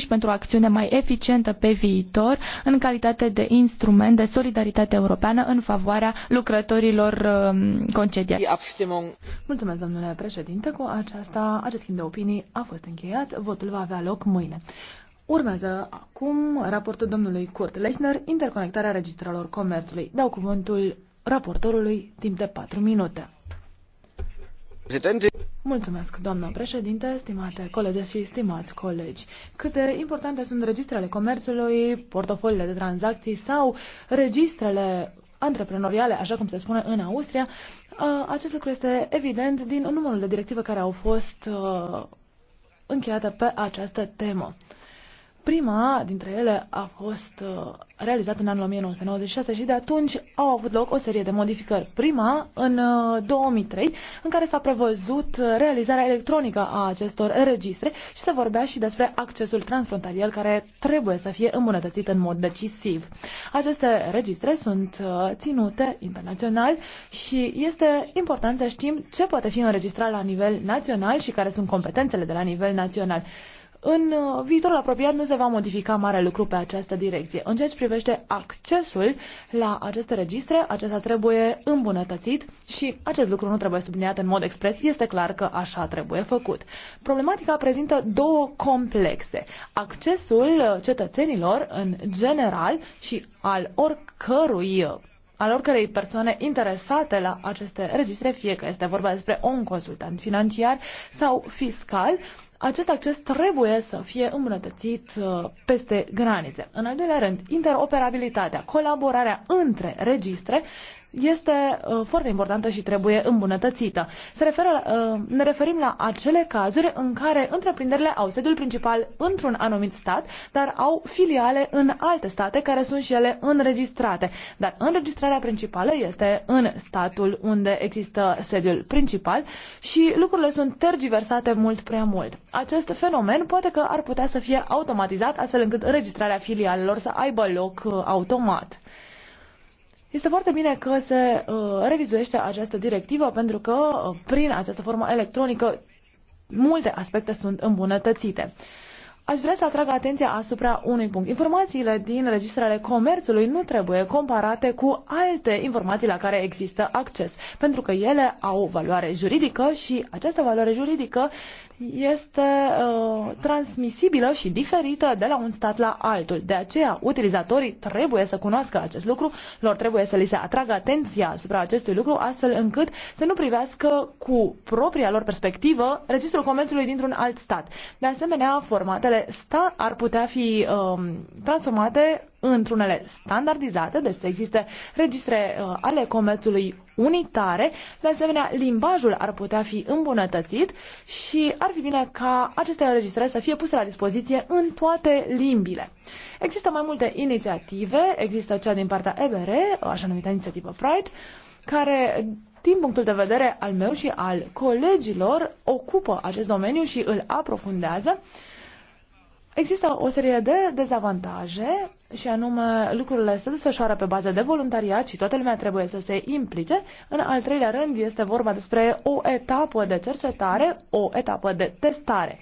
și pentru o acțiune mai eficientă pe viitor în calitate de instrument de solidaritate europeană în favoarea lucrătorilor um, concediați. Mulțumesc, domnule președinte. Cu aceasta, acest schimb de opinii a fost încheiat. Votul va avea loc mâine. Urmează acum raportul domnului Kurt Leisner, interconectarea registrelor comerțului. Dau cuvântul raportorului timp de 4 minute. Mulțumesc, doamnă președinte, stimate colegi și stimați colegi. Cât de importante sunt registrele comerțului, portofoliile de tranzacții sau registrele antreprenoriale, așa cum se spune în Austria, acest lucru este evident din numărul de directive care au fost încheiate pe această temă. Prima dintre ele a fost uh, realizată în anul 1996 și de atunci au avut loc o serie de modificări. Prima în 2003, uh, în care s-a prevăzut uh, realizarea electronică a acestor registre și se vorbea și despre accesul transfrontalier care trebuie să fie îmbunătățit în mod decisiv. Aceste registre sunt ținute internațional și este important să știm ce poate fi înregistrat la nivel național și care sunt competențele de la nivel național în uh, viitorul apropiat nu se va modifica mare lucru pe această direcție. În ceea ce privește accesul la aceste registre, acesta trebuie îmbunătățit și acest lucru nu trebuie subliniat în mod expres, este clar că așa trebuie făcut. Problematica prezintă două complexe. Accesul uh, cetățenilor în general și al oricărui uh, al oricărei persoane interesate la aceste registre, fie că este vorba despre un consultant financiar sau fiscal, acest acces trebuie să fie îmbunătățit uh, peste granițe. În al doilea rând, interoperabilitatea, colaborarea între registre este uh, foarte importantă și trebuie îmbunătățită. Se referă, uh, ne referim la acele cazuri în care întreprinderile au sediul principal într-un anumit stat, dar au filiale în alte state care sunt și ele înregistrate. Dar înregistrarea principală este în statul unde există sediul principal și lucrurile sunt tergiversate mult prea mult. Acest fenomen poate că ar putea să fie automatizat astfel încât înregistrarea filialelor să aibă loc uh, automat. Este foarte bine că se uh, revizuiește această directivă pentru că uh, prin această formă electronică multe aspecte sunt îmbunătățite. Aș vrea să atrag atenția asupra unui punct. Informațiile din registrele comerțului nu trebuie comparate cu alte informații la care există acces, pentru că ele au valoare juridică și această valoare juridică este uh, transmisibilă și diferită de la un stat la altul. De aceea, utilizatorii trebuie să cunoască acest lucru, lor trebuie să li se atragă atenția asupra acestui lucru, astfel încât să nu privească cu propria lor perspectivă registrul comerțului dintr-un alt stat. De asemenea, formatele STA ar putea fi uh, transformate într-unele standardizate, deci să existe registre uh, ale comerțului unitare. De asemenea, limbajul ar putea fi îmbunătățit și ar fi bine ca aceste înregistrări să fie puse la dispoziție în toate limbile. Există mai multe inițiative, există cea din partea EBR, așa numită inițiativă Pride, care din punctul de vedere al meu și al colegilor, ocupă acest domeniu și îl aprofundează. Uh, Există o serie de dezavantaje și anume lucrurile se desfășoară pe bază de voluntariat și toată lumea trebuie să se implice. În al treilea rând este vorba despre o etapă de cercetare, o etapă de testare.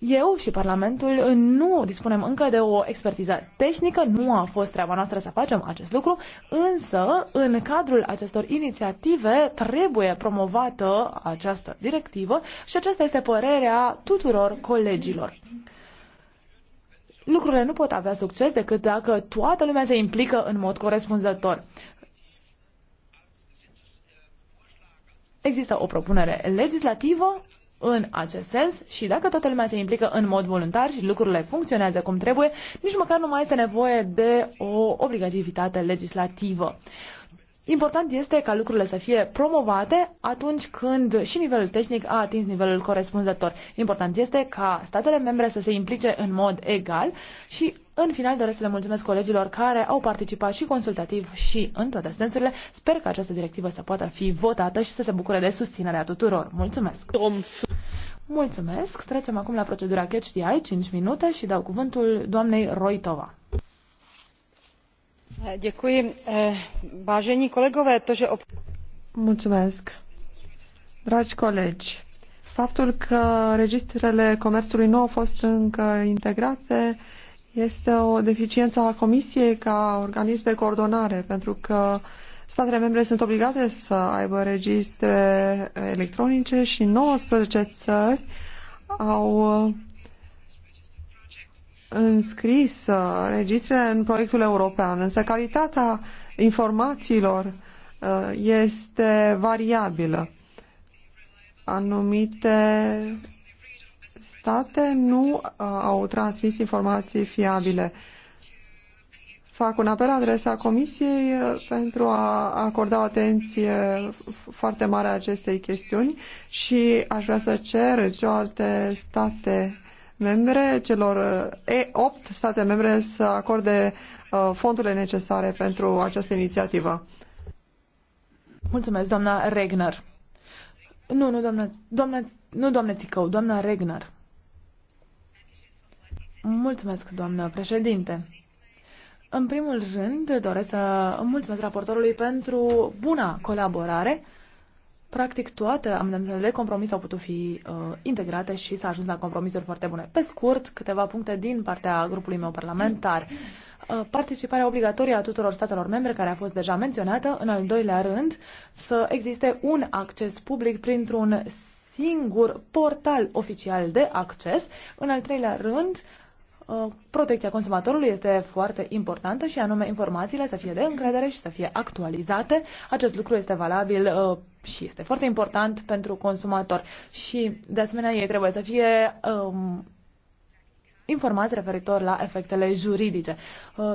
Eu și Parlamentul nu dispunem încă de o expertiză tehnică, nu a fost treaba noastră să facem acest lucru, însă în cadrul acestor inițiative trebuie promovată această directivă și aceasta este părerea tuturor colegilor. Lucrurile nu pot avea succes decât dacă toată lumea se implică în mod corespunzător. Există o propunere legislativă, în acest sens și dacă toată lumea se implică în mod voluntar și lucrurile funcționează cum trebuie, nici măcar nu mai este nevoie de o obligativitate legislativă. Important este ca lucrurile să fie promovate atunci când și nivelul tehnic a atins nivelul corespunzător. Important este ca statele membre să se implice în mod egal și în final doresc să le mulțumesc colegilor care au participat și consultativ și în toate sensurile. Sper că această directivă să poată fi votată și să se bucure de susținerea tuturor. Mulțumesc! Mulțumesc! Trecem acum la procedura Catch the Eye, 5 minute și dau cuvântul doamnei Roitova. Děkuji. Vážení kolegové, to, že... Mulțumesc. Dragi colegi, faptul că registrele comerțului nu au fost încă integrate este o deficiență a Comisiei ca organism de coordonare, pentru că statele membre sunt obligate să aibă registre electronice și 19 țări au uh, înscris uh, registrele în proiectul european, însă calitatea informațiilor uh, este variabilă. Anumite state nu uh, au transmis informații fiabile. Fac un apel adresa Comisiei uh, pentru a acorda o atenție foarte mare acestei chestiuni și aș vrea să cer celelalte state membre, celor uh, E8 state membre să acorde fondurile necesare pentru această inițiativă. Mulțumesc, doamna Regner. Nu, nu, doamna, doamna nu, doamne Țicău, doamna Regner. Mulțumesc, doamnă președinte. În primul rând, doresc să mulțumesc raportorului pentru buna colaborare. Practic toate amendamentele de compromis au putut fi uh, integrate și s-a ajuns la compromisuri foarte bune. Pe scurt, câteva puncte din partea grupului meu parlamentar. Uh, participarea obligatorie a tuturor statelor membre, care a fost deja menționată, în al doilea rând, să existe un acces public printr-un singur portal oficial de acces. În al treilea rând, uh, protecția consumatorului este foarte importantă și anume informațiile să fie de încredere și să fie actualizate. Acest lucru este valabil uh, și este foarte important pentru consumator și de asemenea ei trebuie să fie um, informați referitor la efectele juridice. Uh,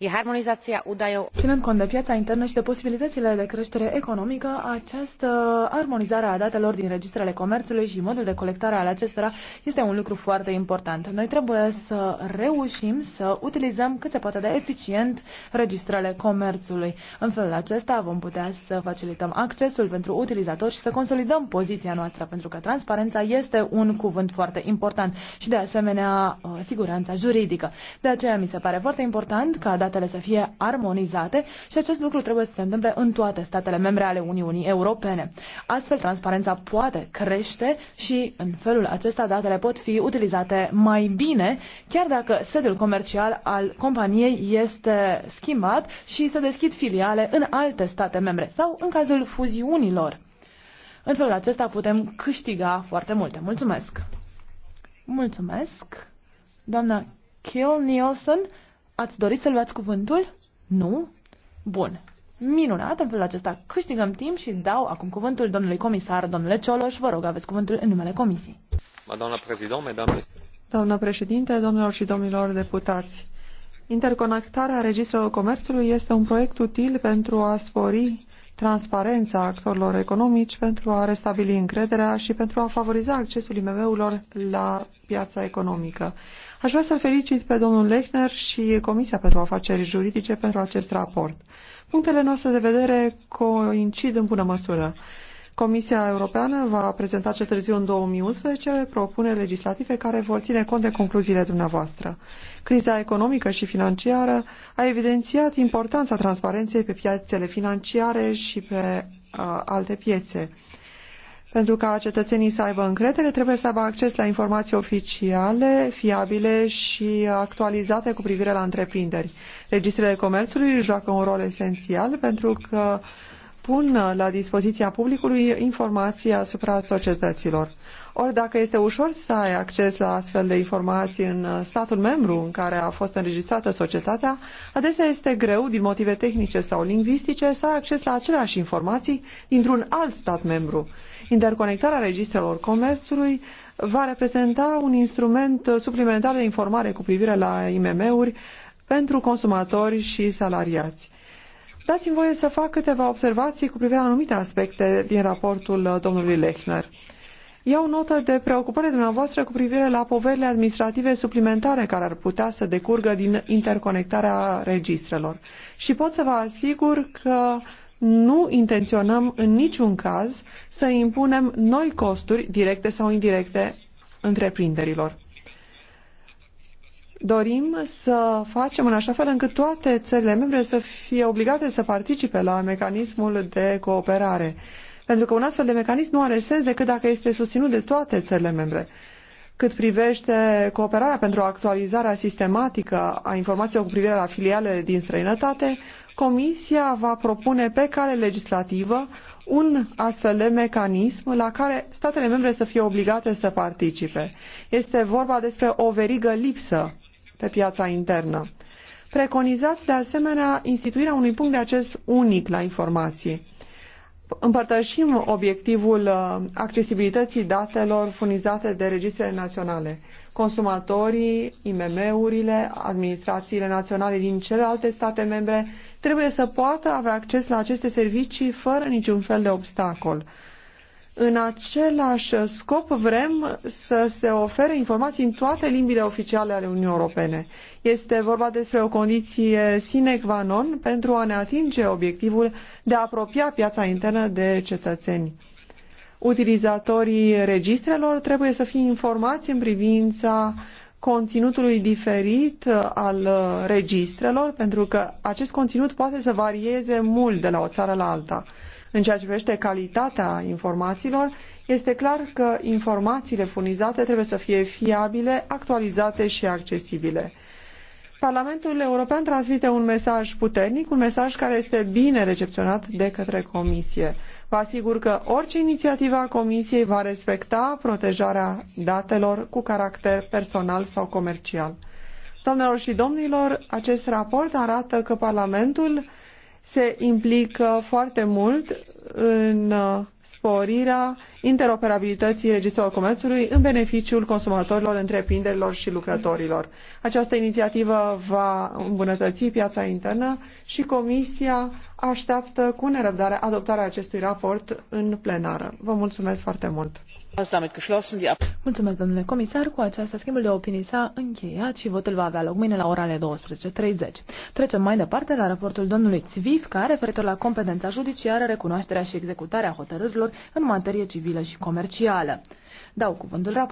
este armonizarea údajov. Ținând cont de piața internă și de posibilitățile de creștere economică, această armonizare a datelor din registrele comerțului și modul de colectare al acestora este un lucru foarte important. Noi trebuie să reușim să utilizăm cât se poate de eficient registrele comerțului. În felul acesta vom putea să facilităm accesul pentru utilizatori și să consolidăm poziția noastră, pentru că transparența este un cuvânt foarte important și de asemenea siguranța juridică. De aceea mi se pare foarte important important ca datele să fie armonizate și acest lucru trebuie să se întâmple în toate statele membre ale Uniunii Europene. Astfel, transparența poate crește și în felul acesta datele pot fi utilizate mai bine, chiar dacă sediul comercial al companiei este schimbat și se deschid filiale în alte state membre sau în cazul fuziunilor. În felul acesta putem câștiga foarte multe. Mulțumesc! Mulțumesc! Doamna Kill Nielsen Ați dorit să luați cuvântul? Nu? Bun. Minunat, în felul acesta câștigăm timp și dau acum cuvântul domnului comisar, domnule Cioloș, vă rog, aveți cuvântul în numele comisiei. Doamna președinte, Doamna președinte, domnilor și domnilor deputați, interconectarea registrelor comerțului este un proiect util pentru a spori transparența actorilor economici pentru a restabili încrederea și pentru a favoriza accesul IMM-urilor la piața economică. Aș vrea să-l felicit pe domnul Lechner și Comisia pentru Afaceri Juridice pentru acest raport. Punctele noastre de vedere coincid în bună măsură. Comisia Europeană va prezenta cel târziu în 2011 propuneri legislative care vor ține cont de concluziile dumneavoastră. Criza economică și financiară a evidențiat importanța transparenței pe piațele financiare și pe uh, alte piețe. Pentru ca cetățenii să aibă încredere, trebuie să aibă acces la informații oficiale, fiabile și actualizate cu privire la întreprinderi. Registrele comerțului joacă un rol esențial pentru că uh, pun uh, la dispoziția publicului informații asupra societăților. Ori dacă este ușor să ai acces la astfel de informații în uh, statul membru în care a fost înregistrată societatea, adesea este greu, din motive tehnice sau lingvistice, să ai acces la aceleași informații dintr-un alt stat membru. Interconectarea registrelor comerțului va reprezenta un instrument uh, suplimentar de informare cu privire la IMM-uri pentru consumatori și salariați. Dați-mi voie să fac câteva observații cu privire la anumite aspecte din raportul uh, domnului Lechner. Iau notă de preocupare dumneavoastră cu privire la poverile administrative suplimentare care ar putea să decurgă din interconectarea registrelor. Și pot să vă asigur că nu intenționăm în niciun caz să impunem noi costuri directe sau indirecte întreprinderilor dorim să facem în așa fel încât toate țările membre să fie obligate să participe la mecanismul de cooperare. Pentru că un astfel de mecanism nu are sens decât dacă este susținut de toate țările membre. Cât privește cooperarea pentru actualizarea sistematică a informațiilor cu privire la filiale din străinătate, Comisia va propune pe cale legislativă un astfel de mecanism la care statele membre să fie obligate să participe. Este vorba despre o verigă lipsă pe piața internă. Preconizați de asemenea instituirea unui punct de acces unic la informații. Împărtășim obiectivul uh, accesibilității datelor furnizate de registrele naționale. Consumatorii, IMM-urile, administrațiile naționale din celelalte state membre trebuie să poată avea acces la aceste servicii fără niciun fel de obstacol. În același scop vrem să se ofere informații în toate limbile oficiale ale Uniunii Europene. Este vorba despre o condiție sine qua non pentru a ne atinge obiectivul de a apropia piața internă de cetățeni. Utilizatorii registrelor trebuie să fie informați în privința conținutului diferit al registrelor, pentru că acest conținut poate să varieze mult de la o țară la alta. În ceea ce privește calitatea informațiilor, este clar că informațiile furnizate trebuie să fie fiabile, actualizate și accesibile. Parlamentul European transmite un mesaj puternic, un mesaj care este bine recepționat de către Comisie. Vă asigur că orice inițiativă a Comisiei va respecta protejarea datelor cu caracter personal sau comercial. Domnilor și domnilor, acest raport arată că Parlamentul se implică foarte mult în uh, sporirea interoperabilității registrelor comerțului în beneficiul consumatorilor, întreprinderilor și lucrătorilor. Această inițiativă va îmbunătăți piața internă și Comisia așteaptă cu nerăbdare adoptarea acestui raport în plenară. Vă mulțumesc foarte mult! Mulțumesc, domnule comisar. Cu această schimbul de opinii s-a încheiat și votul va avea loc mâine la orale 12.30. Trecem mai departe la raportul domnului Țvif, care referitor la competența judiciară, recunoașterea și executarea hotărârilor acordurilor în materie civilă și comercială. Dau cuvântul